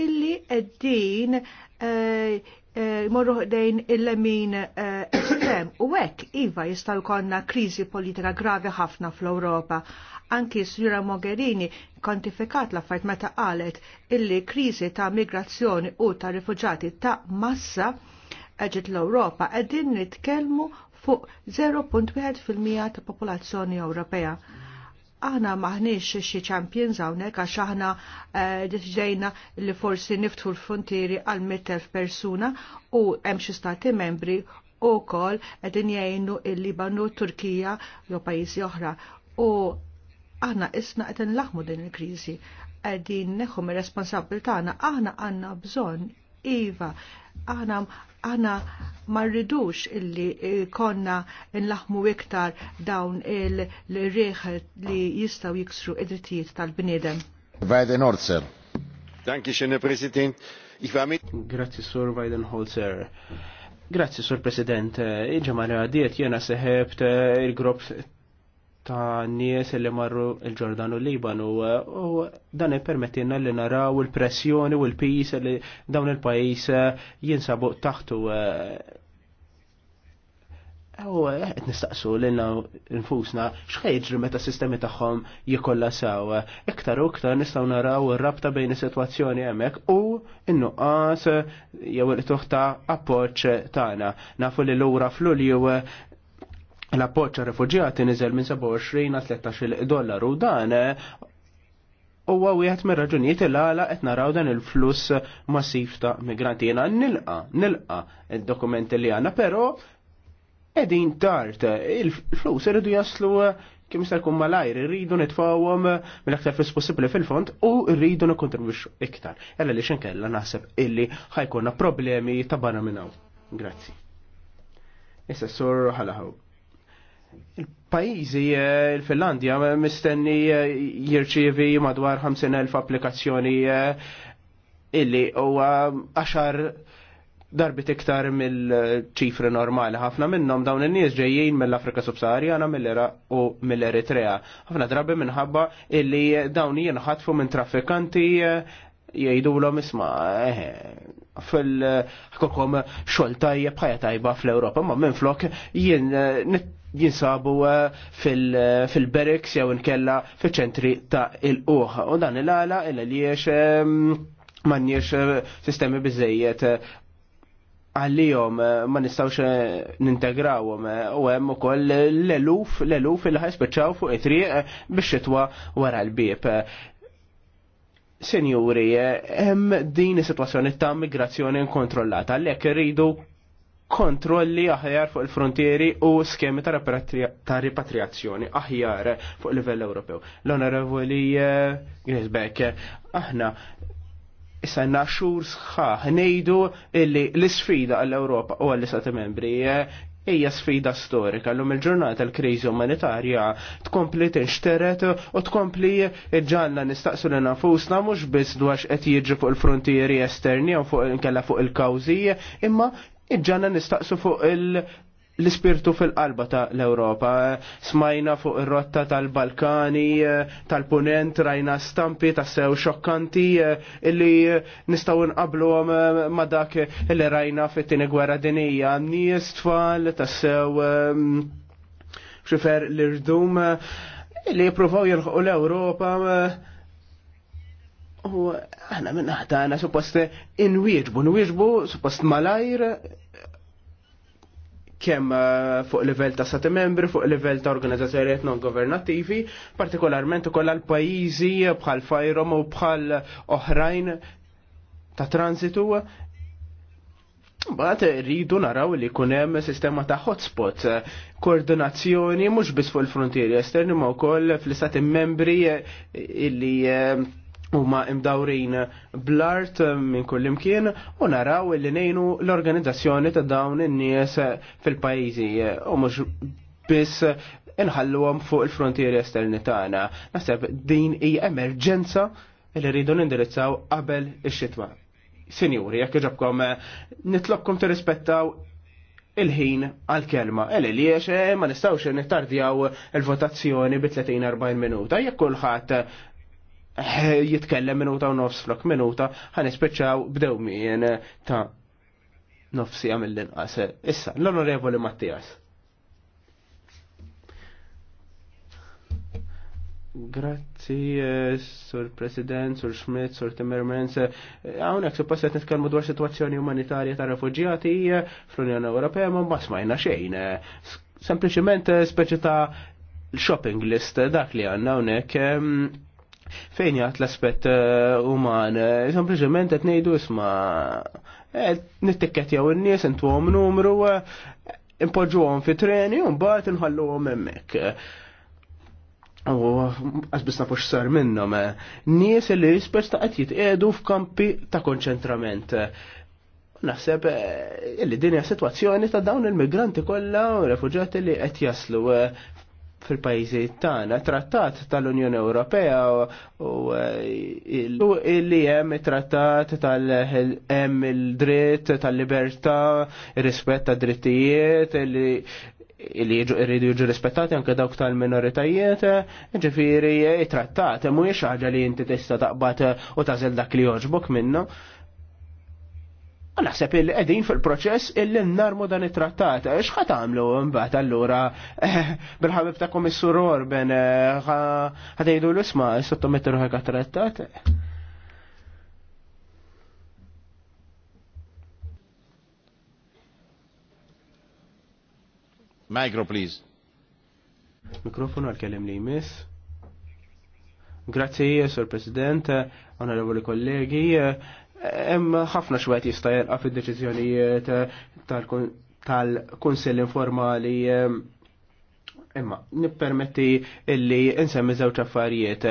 illi qegħdin eh, Eh, morru dejn il-lemin eh, estrem. U hekk iva jistaw jkollna kriżi politika gravi ħafna fl-Ewropa. Anki Sjura Mogherini kontifikat l fajt meta qalet illi kriżi ta' migrazzjoni u ta' rifuġati ta' massa ġiet l-Ewropa qegħdin nitkellmu fuq 0.1% ta' popolazzjoni Ewropea aħna maħniex xi champions hawnhekk għax aħna eh, deċidejna li forsi niftħu l-frontieri għal 100,000 persuna u hemm xi stati membri u kol qegħdin jgħinu il-Libanu, Turkija jew pajjiżi oħra. U aħna isna qed nlaħmu din il-kriżi qegħdin neħum il responsabilità tagħna aħna għandna bżonn iva aħna għana marridux illi eh, konna nlaħmu iktar dawn il-riħ li jistaw jiksru id-drittijiet tal-bniedem. Vajden Orzer. Danki xene President. Grazie Sur Vajden Holzer. Grazie Sur President. Eh, Iġemara għadiet jena seħebt eh, il-grupp ta' nies li marru il-Ġordan u Libanu u dan permettina li naraw il-pressjoni u l-pis li dawn il-pajis eh, jinsabu taħtu U eh. għet eh, nistaqsu li nfusna xħajġri meta sistemi taħħom jikolla saw. Iktar u iktar nistaw naraw rabta bejn situazzjoni għemek u n-nuqqas jew il-tuħta appoċ taħna. Nafu li l-ura fl-ulju l-appoċ refugjati nizel minn 27 għal 13 dollaru dan eh, huwa wieħed mir raġunijiet il għala qed naraw dan il-fluss massiv ta' migranti. jena nilqa, nilqa il dokumenti li għandna, però qegħdin tard il-flus iridu jaslu eh, kim se jkun malajr, irridu nitfawhom mill-aktar fis possibbli fil-fond u rridu nikkontribwixxu iktar. Ella li xinkella naħseb illi ħajkonna problemi ta' barra minnaw. Grazzi. Issa sur ħalaħaw. Il-pajizi, eh, il finlandia eh, mistenni eh, jirċievi madwar 50.000 applikazzjoni illi u għaxar darbit iktar mill-ċifri normali. ħafna minnhom dawn in-nies ġejjin mill-Afrika Subsaharjana, mill-Iraq u mill-Eritrea. Ħafna drabi minħabba illi dawn jinħatfu minn traffikanti jgħidulhom isma' fil-ħkokom xogħol tajjeb ħajja tajba fl-Ewropa, ma minn flok jien jinsabu eh, fil eh, beriks jew inkella fil-ċentri ta' il uħa U dan il-għala il li jiex manniex ehm, eh, sistemi bizzejiet għallijom ma nistawx nintegrawhom u hemm ukoll l-eluf l-eluf il ħajspiċċaw fuq it-triq biex xitwa wara l-bieb. Senjuri, hemm din is-sitwazzjoni ta' migrazzjoni inkontrollata, għalhekk irridu kontrolli aħjar fuq il-frontieri u skemi ta' ripatriazzjoni aħjar fuq livell Ewropew. L-Onorevoli eh, Grisbeck, aħna issa xur sħaħ nejdu illi l-sfida għall-Ewropa u għall-Istati Membri eh, hija sfida storika l il-ġurnata l-kriżi umanitarja tkompli t-inxteret u tkompli ġanna nistaqsu li nafusna mhux biss dwar qed jiġri fuq il-frontieri esterni u fuq inkella fuq il kawzi imma Iġġanna nistaqsu fuq l-ispirtu fil-qalba ta' l-Europa. Smajna fuq ir-rotta tal-Balkani, tal-Punent, rajna stampi ta' sew xokkanti illi nistaw nqablu eh, ma' dak illi rajna fit-tini gwerra dinija. Nies tfal ta' sew eh, xifer l-irdum eh, li jipruvaw jirħu l-Europa U aħna minn aħdana suppost inwieġbu, nwieġbu suppost malajr kemm eh, fuq livell ta' stati membri, fuq livell ta' organizzazzjonijiet non governattivi, partikolarment ukoll għal pajjiżi bħal fajrom u bħal oħrajn ta' transitu. Mbagħad rridu naraw li jkun hemm sistema ta' hotspot, koordinazzjoni mhux biss fuq il-frontieri esterni ma' wkoll fl-istati membri illi eh, huma imdawrin bl-art eh, minn kull imkien u naraw li nejnu l-organizzazzjoni ta' dawn in-nies fil-pajjiżi eh, u mhux biss inħalluhom fuq il-frontieri esterni tagħna. Naħseb din hija emerġenza li rridu nindirizzaw qabel ix-xitwa. Sinjuri, jekk iġobkom eh, nitlobkom tirrispettaw il-ħin għal-kelma. Ele li ma nistawx nittardjaw il-votazzjoni bi 30-40 minuta. Jekk kulħadd jitkellem minuta u nofs flok minuta ħan ispeċaw bdew min ta' nofsi għamil l-inqas. Issa, l-onorevoli Mattias. Grazzi, eh, Sur President, Sur Schmidt, Sur Timmermans. Eh, għawnek, su qed nitkellmu dwar sitwazzjoni umanitarja ta' refuġjati eh, fl-Unjoni Ewropea ma basmajna xejn. Sempliciment speċi ta' shopping list dak li għandna hawnhekk ehm, fejn jgħat l-aspet eh, uman. Eh, sempliciment qed ngħidu isma' eh, nittikket jgħu in-nies n numru impoġġuhom fi treni u mbagħad għom hemmhekk. U għazbis nafux sar minnom. Nies li jisperst ta' jitqedu edu f'kampi ta' konċentrament. Naħseb li dinja situazzjoni ta' dawn il-migranti kollha u refuġati li qed jaslu fil-pajzi tagħna trattat tal-Unjoni Ewropea u eh, li hemm trattat tal hemm il-dritt tal-libertà, ir-rispett tad drittijiet li jridu jiġu rispettati anke dawk tal-minoritajiet, ġifieri trattat mhuwiex ħaġa li inti tista' taqbad u tażel dak li joġbok minnu. Naħseb il-edin fil-proċess illi narmu dan it-trattat. Xħat għamlu mbagħad allura bil-ħabib ta' komissur Orben eh, jgħidu l-isma sottometti ruħek trattat. Micro, please. Mikrofonu għal-kellim li jmiss. Grazie, Sir President, onorevoli kollegi hemm ħafna xwed jista' jelqa' fid-deċiżjonijiet eh, tal-Kunsill informali eh, imma nippermetti illi insemmi żewġ affarijiet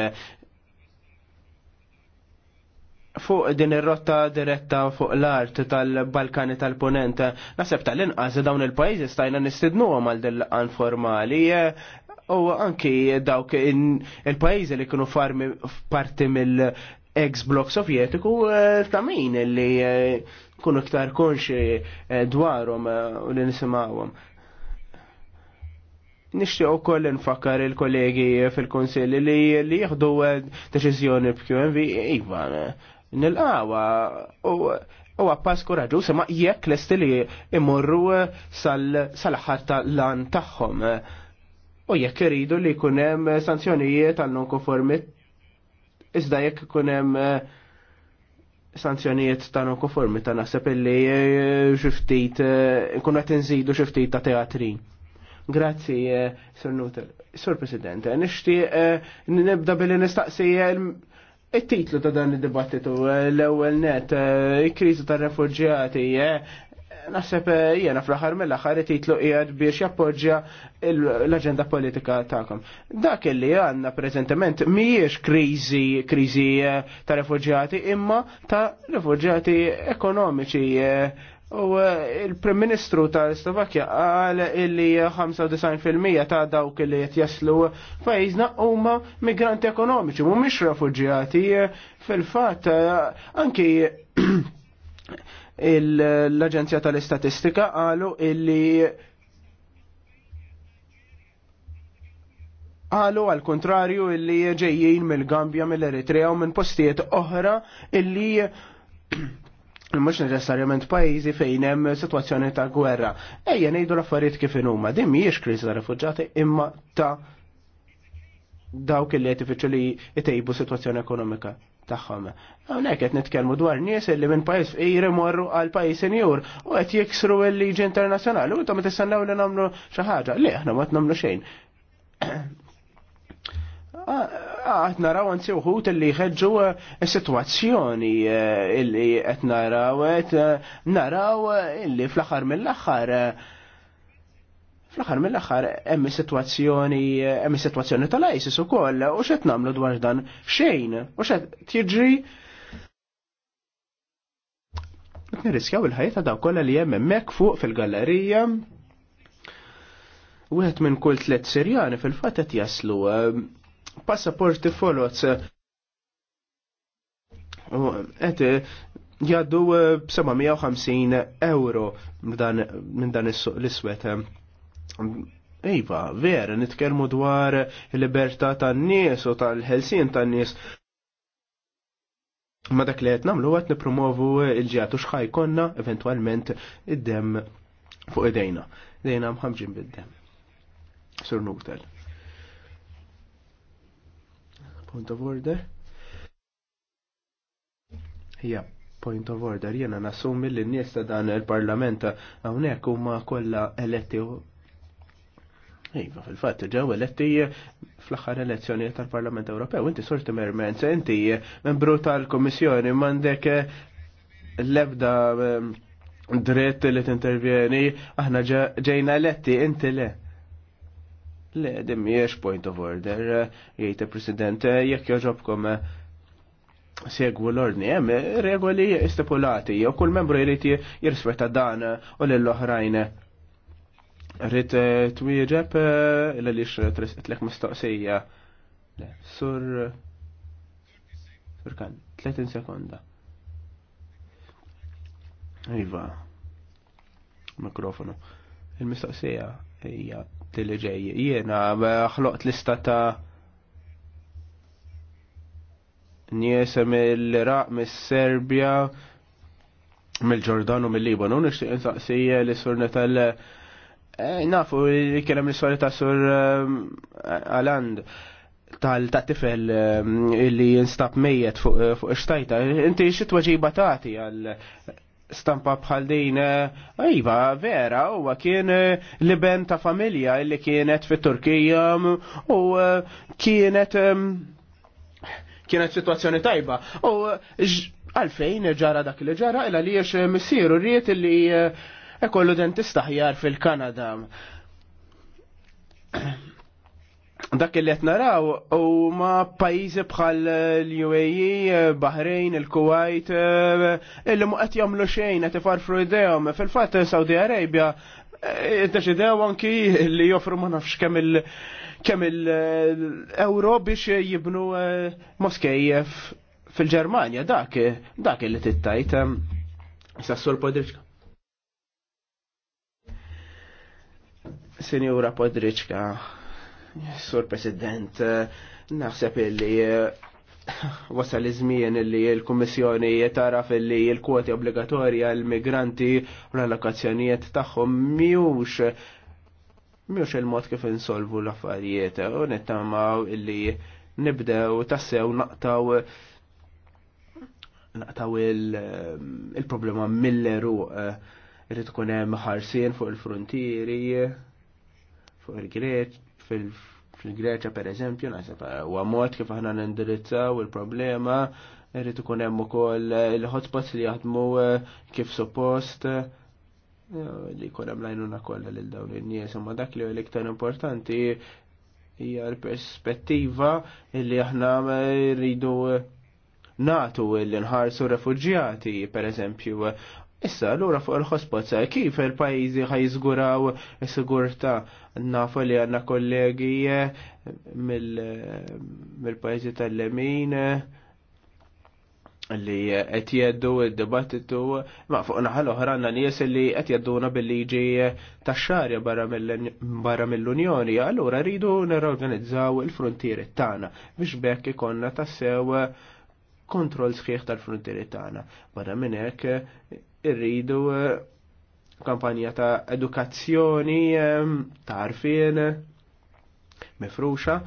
fuq din ir-rotta diretta fuq l-art tal-Balkani tal-Ponent. naħseb tal-inqas dawn il-pajjiżi stajna nistidnuhom għal din l formali eh, u anki dawk il-pajjiżi li kienu farmi parti mill- ex-blok sovjetiku eh, ta' min li eh, kunu ktar konxi eh, dwarom u li nisimawom. Nishtiq u koll nfakkar il-kollegi fil-konsil li li jieħdu deċizjoni b'QMV, iva, nil għawa u għappas kuraġu sema jekk l-esti li imorru sal ħarta tal-lan taħħom. U jekk iridu li kunem sanzjonijiet għal non Iżda jekk ikun hemm eh, sanzjonijiet ta' nonkonformi ta' naħseb illi eh, xiftit, eh, nkun qed inżidu xiftit ta' teatri. Grazzi, Sir Nutel. Sir President, nixtieq nibda billi nistaqsi it-titlu ta' dan id-dibattitu l-ewwel net, il-kriżi tar-refuġjati, Naħseb eh, jena fl-axar mill-axar titlu jgħad biex jappoġġja l-aġenda politika ta'kom. Dak li għandna preżentement mhijiex kriżi krizi eh, ta' refuġjati imma ta' refuġjati ekonomiċi. Eh. U il-Prim Ministru tal-Slovakja qal illi 95% ta' dawk li qed jaslu pajjiżna huma migranti ekonomiċi, mhumiex refuġjati fil-fatt anki l-Aġenzja tal-Istatistika qalu illi Għalu għal kontrarju illi ġejjin mill-Gambja, mill-Eritrea u minn postijiet oħra illi mux neċessarjament pajizi fejn hemm situazzjoni ta' gwerra. Ejja ngħidu l-affarijiet kif huma. Din mhijiex kriżi ta' rifuġġati imma ta' dawk il-li li jtejbu situazzjoni ekonomika tagħhom. Hawnhekk qed nitkellmu dwar nies li minn pajjiż fqir imorru għal pajjiż injur u qed jiksru l-liġi internazzjonali u ta' ma tistennew li nagħmlu xi ħaġa. Le aħna ma nagħmlu xejn. Għat ah, ah, naraw għanzi uħut li jħedġu situazzjoni illi għet eh, eh, naraw, għet eh, naraw illi fl-axar mill-axar Fl-aħħar mill-aħħar hemm is-sitwazzjoni hemm is-sitwazzjoni tal-ISIS ukoll u x'qed nagħmlu dwar dan xejn u x'qed tiġri nirriskjaw il-ħajja ta' daw kollha li hemm hemmhekk fuq fil-gallerija. Wieħed minn kull tliet Sirjani fil-fatt qed jaslu eh, passaporti folot u qed eh, jgħaddu eh, b'750 euro minn dan l-iswet. Iva, vera, nitkermu dwar il-libertà tan-nies u tal-ħelsien tan-nies. Ma dak li qed nagħmlu qed nippromovu l-ġiegħat u x'ħaj konna eventwalment id-dem fuq idejna. Dejna mħamġin bid-dem. Sur Nutel. Point of order. Ja, point of order. Jena nassumi li n-nies ta' dan il-parlament hawnhekk huma kollha eletti Iva, fil-fatt, ġew eletti fl-axħar elezzjoni tal-Parlament Ewropew, inti sorti merment, inti membru tal-Komissjoni, mandek eh, l-ebda eh, dritt li t-intervjeni, aħna ġejna eletti, inti le. Le, dimmiex point of order, eh, jgħid president jekk joġobkom segwu l-ordni, hemm regoli stipulati, u kull membru jrid jirrispetta dan u lill oħrajn Rrit eh, twieġeb eh, l-għalix tlek mistoqsija. Sur. Sur kan, 30 sekonda. Iva. Mikrofonu. Il-mistoqsija hija t-liġej. Jena, xloqt lista ta' njesem il iraq mis-Serbja, mill ġordanu mil mill Nishtiq n-saqsija li surnet tal- Eh, nafu li kienem l-istorja ta' sur ehm, Aland tal-tifel ehm, li jinstab mejet eh, fuq ixtajta. Inti xit waġiba tati għal stampa bħal din eh, iva, vera u kien liben ta' familja li kienet fit turkija mm, u kienet ehm, kienet situazzjoni tajba u għalfejn ġara dak li ġara illa li jiex missiru rriet li ikollu dentista ħjar fil-Kanada. Dak li qed naraw huma pajjiżi bħal l-UAE, Bahrain, il-Kuwait, illi mu qed jagħmlu xejn qed ifarfru idejhom. Fil-fatt Saudi Arabia eh, deċidew anki li joffru ma nafx kemm il- kemm il-euro biex jibnu eh, moskej fil-Ġermanja, dak, dak li tittajt. Sassur Podriċka. Senjura Podriċka, Sur President, naħseb illi eh, wasal iż-żmien illi l-Kummissjoni tara illi l-kwoti obbligatorja l-migranti u l-allokazzjonijiet tagħhom miux miux il-mod kif insolvu l-affarijiet u nittamaw illi nibdew tassew naqtaw naqtaw eh, il-problema mill-eru eh, irrid tkun hemm ħarsien fuq il-frontieri fuq il-Greċ, fil-Greċa per eżempju, nasib eh, u għamot kif aħna nindirizzaw il-problema, irrid ikun hemm ukoll eh, il-hotspots li jaħdmu eh, kif suppost li jkun hemm lajnuna kollha lil dawn in-nies, imma dak li l-iktar importanti hija l-perspettiva li aħna rridu natu l-inħarsu refugjati, per eżempju, Issa, l-ura fuq il-ħospot, eh, kif il-pajizi ħajżguraw s-sigurta nafu li għanna kollegi eh, eh, mill-pajizi tal-lemin li qed jeddu id debattitu ma' fuq naħal oħra għandna nies li qed jedduna bil-liġi tax-xarja barra mill-Unjoni, allura rridu nirorganizzaw il-frontieri tagħna biex bekk ikonna tassew kontroll sħiħ tal-frontieri tagħna. Barra minn hekk irridu eh, kampanja ta' edukazzjoni, eh, ta' arfien, mifruxa,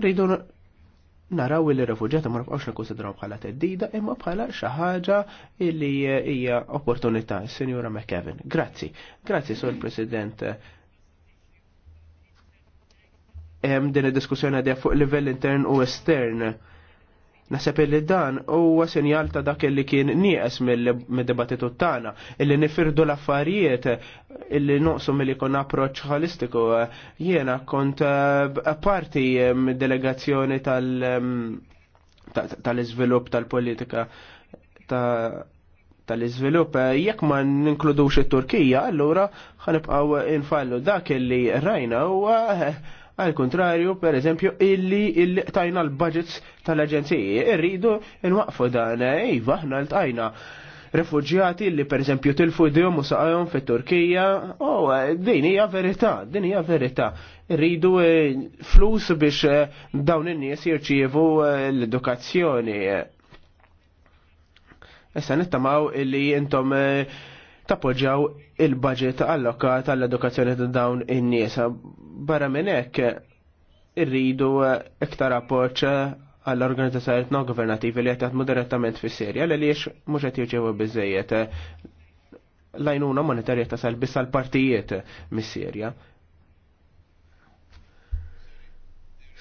rridu naraw li refuġjati ma nafqawx nikkonsidraw bħala teddida imma bħala xi ħaġa li hija opportunità, Sinjura McKevin. Grazzi. Grazzi, Sur President. Hemm din id-diskussjoni għadha fuq livell intern u estern Naseb illi dan huwa sinjal ta' dak li kien nieqes mid dibattitu tagħna, illi nifirdu l-affarijiet, illi noqsu milli kon approċċ ħalistiku. Jiena kont eh, parti eh, mid delegazzjoni tal-iżvilupp tal-politika tal-iżvilupp. Jekk ma ninkludux it-Turkija, allura ħanibqgħu infallu dak illi rajna huwa eh, Għal kontrarju, per eżempju, illi illi tajna l-budgets tal-aġenziji. Irridu nwaqfu dan, ejva, eh? ħna l-tajna refugjati li per eżempju tilfu idhom u saqajhom fit-Turkija, u eh, din hija verità, din hija verità. Irridu eh, flus biex dawn in-nies jirċievu l-edukazzjoni. Issa nittamaw illi intom tappoġġaw il-budget allokat għall-edukazzjoni ta' dawn in-nies barra minn hekk irridu eh, iktar appoġġ eh, għall-organizzazzjonijiet non governativi li qed jaħdmu direttament fis-Sirja li li mhux qed bizzejiet eh, lajnuna monetarja tasal biss għal partijiet mis-Sirja.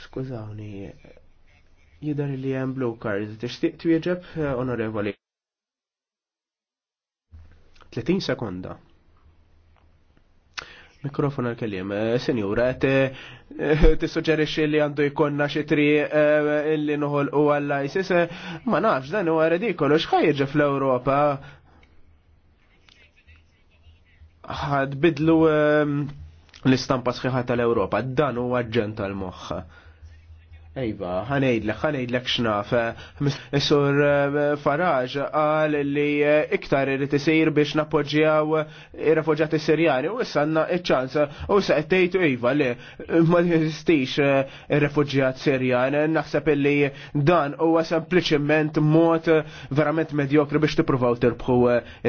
Skużawni, jidher li hemm blue cards, tixtieq twieġeb onorevoli. 30 sekonda. Mikrofon għal kellim eh, Senjura, t-sugġerixi eh, li għandu jkonna xi tri eh, li nħol u għall-ISIS, ma nafx dan huwa redikolu xħajġa fl-Ewropa. Għad bidlu l-istampa sħiħa tal-Ewropa, dan huwa ġen tal moħħa Ejba, iva, ħanejdlek, ħanejdlek xnaf. Sur eh, Faraġ għal li eh, iktar irrit isir biex nappoġġjaw ir-refuġjati Sirjani u issa għandna iċ ċans u sa qed tgħidu iva li ma jistix eh, ir-refuġjat Sirjan. Naħseb illi dan huwa sempliċement mod verament medjokri biex tippruvaw tirbħu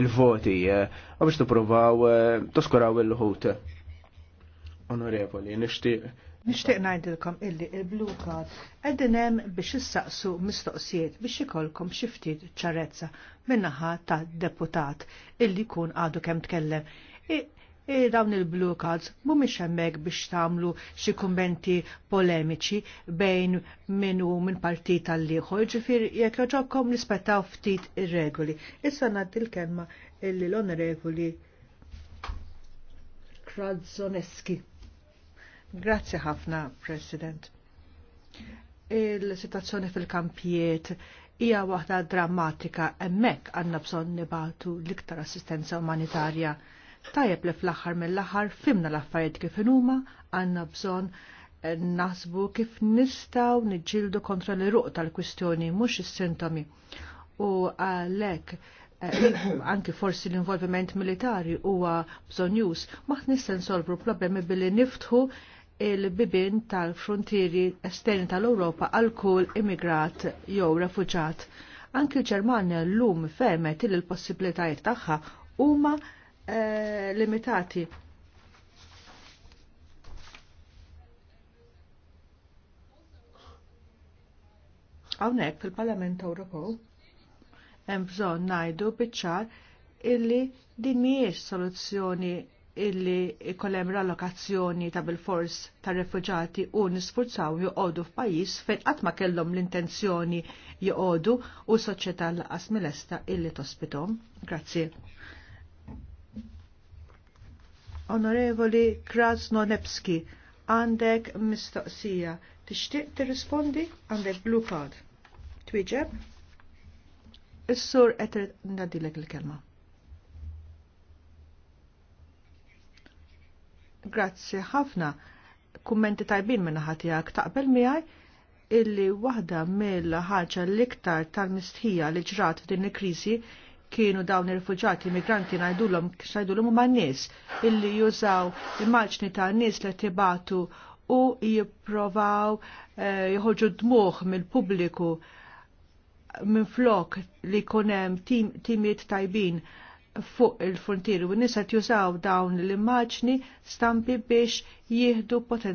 il-voti u biex tippruvaw toskuraw il-ħut. Onorevoli, nixtieq Nishtiq najdilkom illi il-Blue Card hemm biex issaqsu mistoqsijiet biex ikolkom xiftit ċarezza minnaħa ta' deputat illi kun għadu kem tkellem. dawn il-Blue Cards mumiex hemmhekk biex tagħmlu xi kummenti polemiċi bejn minu minn partit tal-ieħor, ġifier jekk joġobkom rispettaw ftit ir-regoli. Issa ngħaddi l-kelma illi l-onorevoli Krazzoneski. Grazzi ħafna, President. Il-situazzjoni fil-kampijiet hija waħda drammatika hemmhekk għandna bżonn nibatu l-iktar assistenza umanitarja. Tajjeb li fl-aħħar mill-aħħar fimna l-affarijiet kif huma għandna bżonn eh, nasbu kif nistgħu niġġieldu kontra l ruq tal-kwistjoni mhux is-sintomi. U għalhekk eh, anki forsi l-involviment militari huwa bżonjus, maħt nista nsolvu problemi billi niftħu il-bibin tal-frontieri esterni tal-Europa għal kull immigrat jew refuġat. Anki l-Ġermanja l-lum fermet il l-possibilitajiet tagħha huma eh, limitati. Hawnhekk fil-Parlament Ewropew hemm bżonn ngħidu biċ illi din mhijiex soluzzjoni illi ikollem rallokazzjoni ta' bil-fors ta' refugjati u nisfurzaw joqodu f'pajis fejn qatt ma kellhom l-intenzjoni joqodu u soċjetà laqas milesta illi tospitom. Grazzi. Onorevoli Krasnonebski, għandek mistoqsija. Tixtieq tirrispondi għandek blue card. Twieġeb? Is-sur qed nadilek il-kelma. Grazzi ħafna. Kummenti tajbin minna ħatijak taqbel miħaj illi wahda mill ħarġa l-iktar tal-mistħija li ġrat din il-krizi kienu dawn il-rifugġati najdullom najdulhom xajdulhom huma nies illi jużaw il-maċni ta' nies li tibatu u jipprovaw d eh, dmuħ mill-pubbliku minn flok li konem timiet tajbin fuq il funtiri u nisa jużaw dawn l-immaġni stampi biex jieħdu potenzjal